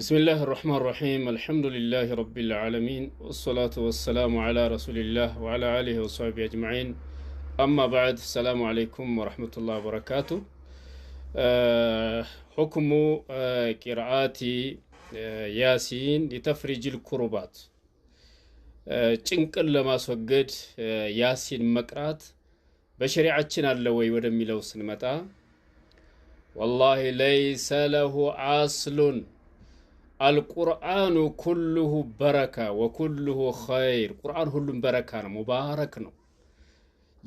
بسم الله الرحمن الرحيم الحمد لله رب العالمين والصلاة والسلام على رسول الله وعلى آله وصحبه أجمعين أما بعد السلام عليكم ورحمة الله وبركاته أه حكم قراءة أه ياسين لتفريج الكربات ጭንቅን ለማስወገድ ያሲን መቅራት በሸሪዓችን አለ ወይ ወደሚለው ስንመጣ ወላሂ ለይሰ ለሁ አስሉን አልቁርአኑ ኩልሁ በረካ ወኩልሁ ኸይር፣ ቁርአን ሁሉም በረካ ነው፣ ሙባረክ ነው።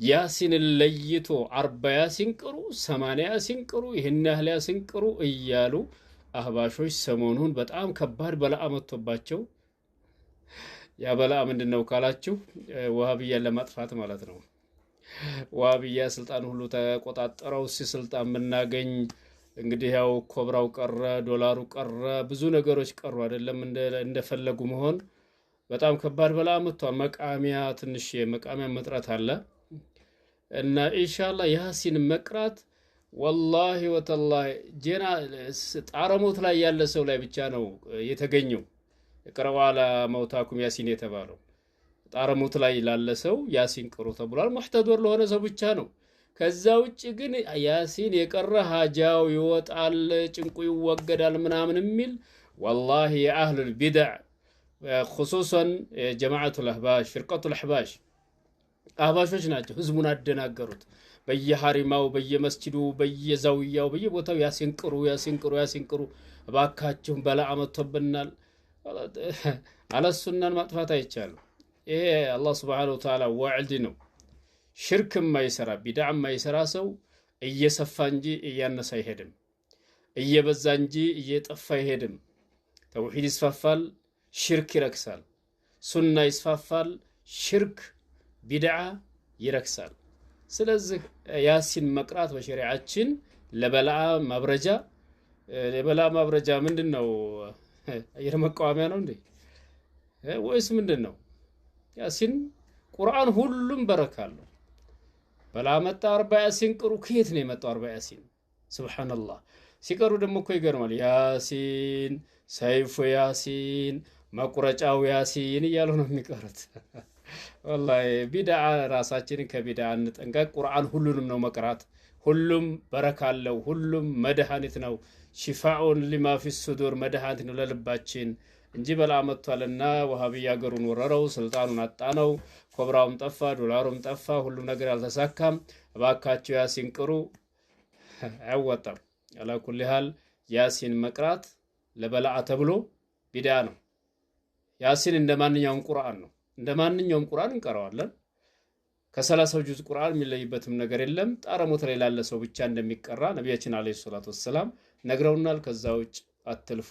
ያሲንን ለይቶ አርባ ያሲን ቅሩ፣ ሰማንያ ያሲን ቅሩ፣ ይህን ያህል ያሲን ቅሩ እያሉ አህባሾች ሰሞኑን በጣም ከባድ በላአ መጥቶባቸው፣ ያ በላአ ምንድን ነው ካላችሁ ዋሃብያን ለማጥፋት ማለት ነው። ዋሃብያ ስልጣን ሁሉ ተቆጣጠረው፣ እስኪ ስልጣን የምናገኝ እንግዲህ ያው ኮብራው ቀረ፣ ዶላሩ ቀረ፣ ብዙ ነገሮች ቀሩ። አይደለም እንደፈለጉ መሆን በጣም ከባድ በላ መጥቷ። መቃሚያ ትንሽ መቃሚያ መጥራት አለ እና ኢንሻላ ያሲን መቅራት ወላሂ ወተላሂ ጄና ጣረሞት ላይ ያለ ሰው ላይ ብቻ ነው የተገኘው። ቅረዋላ መውታኩም ያሲን የተባለው ጣረሞት ላይ ላለ ሰው ያሲን ቅሩ ተብሏል። ሙሕተዶር ለሆነ ሰው ብቻ ነው። ከዛ ውጭ ግን ያሲን የቀረ ሀጃው ይወጣል፣ ጭንቁ ይወገዳል ምናምን የሚል ወላሂ የአህሉል ቢድዕ ኹሱሰን የጀማዓቱ አህባሽ ፊርቀቱል አህባሽ አህባሾች ናቸው። ህዝቡን አደናገሩት። በየሀሪማው በየመስጂዱ በየዛውያው በየቦታው ያሲን ቅሩ፣ ያሲን ቅሩ፣ ያሲን ቅሩ። እባካችሁም በላአ መጥቶብናል። አለሱናን ማጥፋት አይቻልም። ይሄ አላህ ስብሓነሁ ወተዓላ ዋዕድ ነው። ሽርክ የማይሰራ ቢድዓ የማይሰራ ሰው እየሰፋ እንጂ እያነሳ አይሄድም፣ እየበዛ እንጂ እየጠፋ አይሄድም። ተውሂድ ይስፋፋል፣ ሽርክ ይረክሳል። ሱና ይስፋፋል፣ ሽርክ ቢድዓ ይረክሳል። ስለዚህ ያሲን መቅራት በሸሪዓችን ለበላ ማብረጃ የበላ ማብረጃ ምንድን ነው? አየር መቃወሚያ ነው እንዴ ወይስ ምንድን ነው? ያሲን ቁርአን ሁሉም በረካ አለው። በላመጣ አርባ ያሲን ቅሩ ከየት ነው የመጣው? አርባ ያሲን ስብሓነላህ። ሲቀሩ ደግሞ እኮ ይገርማል። ያሲን ሰይፉ ያሲን መቁረጫው ያሲን እያሉ ነው የሚቀሩት። ወላሂ ቢድዓ ራሳችንን ከቢድዓ እንጠንቀቅ። ቁርአን ሁሉንም ነው መቅራት። ሁሉም በረካ አለው። ሁሉም መድሃኒት ነው። ሽፋኡን ሊማ ፊ ሱዱር ነው ለልባችን እንጂ በላ መጥቷልና ወሃብያ ያገሩን ወረረው፣ ስልጣኑን አጣ ነው። ኮብራውም ጠፋ፣ ዶላሩም ጠፋ፣ ሁሉም ነገር አልተሳካም። እባካቸው ያሲን ቅሩ፣ አይወጣም። አላኩል ያህል ያሲን መቅራት ለበላአ ተብሎ ቢዳ ነው። ያሲን እንደ ማንኛውም ቁርአን ነው። እንደ ማንኛውም ቁርአን እንቀረዋለን። ከሰላሳው ጁዝ ቁርአን የሚለይበትም ነገር የለም። ጣረሞት ላይ ላለ ሰው ብቻ እንደሚቀራ ነቢያችን አለይሂ ሰላቱ ወሰላም ነግረውናል። ከዛ ውጭ አትልፉ።